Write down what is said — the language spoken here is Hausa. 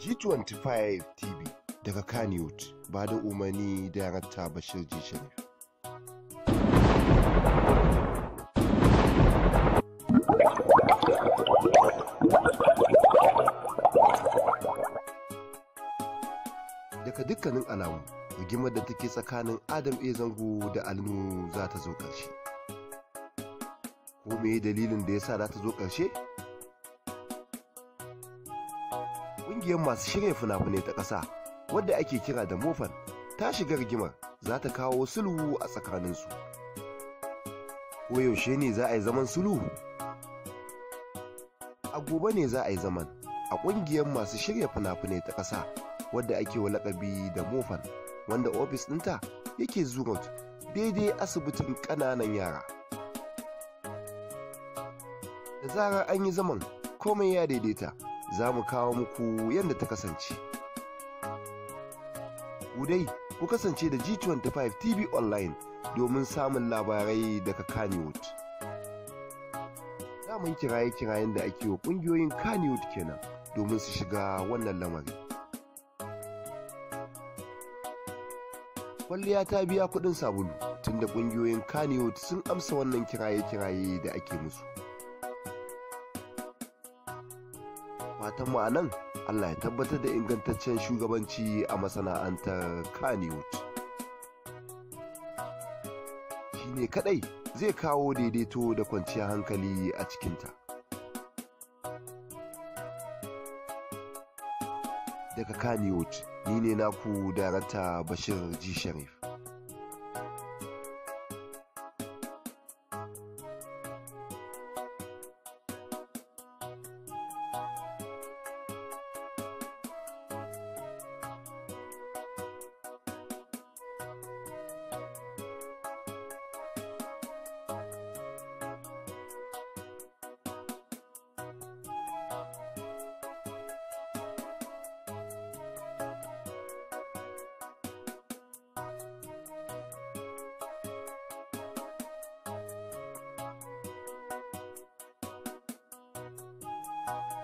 G25 TV daga Kaniwood ba da umarni Darakta Bashir G. Daga dukkanin alamu, rigimar da take tsakanin Adam A. Zango da Alnu za ta zo ƙarshe. Ko me dalilin da ya sa za ta zo ƙarshe? Kungiyar masu shirya fina-finai ta ƙasa wadda ake kira da mofan ta shiga rigimar za ta kawo sulhu a tsakaninsu koyaushe ne za a yi zaman sulhu a gobe ne za a yi zaman a kungiyar masu shirya fina-finai ta ƙasa wadda ake wa lakabi da mofan wanda ofis ɗinta yake zurot daidai asibitin ƙananan yara da zarar an yi zaman komai ya daidaita za mu kawo muku yadda ta kasance. Udai, ku kasance da G25 TV online domin samun labarai daga Kannywood. Daman kiraye-kirayen da ake wa ƙungiyoyin Kannywood kenan domin su shiga wannan lamari. Kwalliya ta biya kuɗin sabulu tunda ƙungiyoyin Kannywood sun amsa wannan kiraye-kiraye da ake musu. fatan mu anan Allah ya tabbatar da ingantaccen shugabanci a masana'antar Kaniwood. Shi ne kadai zai kawo daidaito da kwanciyar hankali a cikinta. Daga Kaniwood ni ne naku darakta Bashir G. Sharif. あ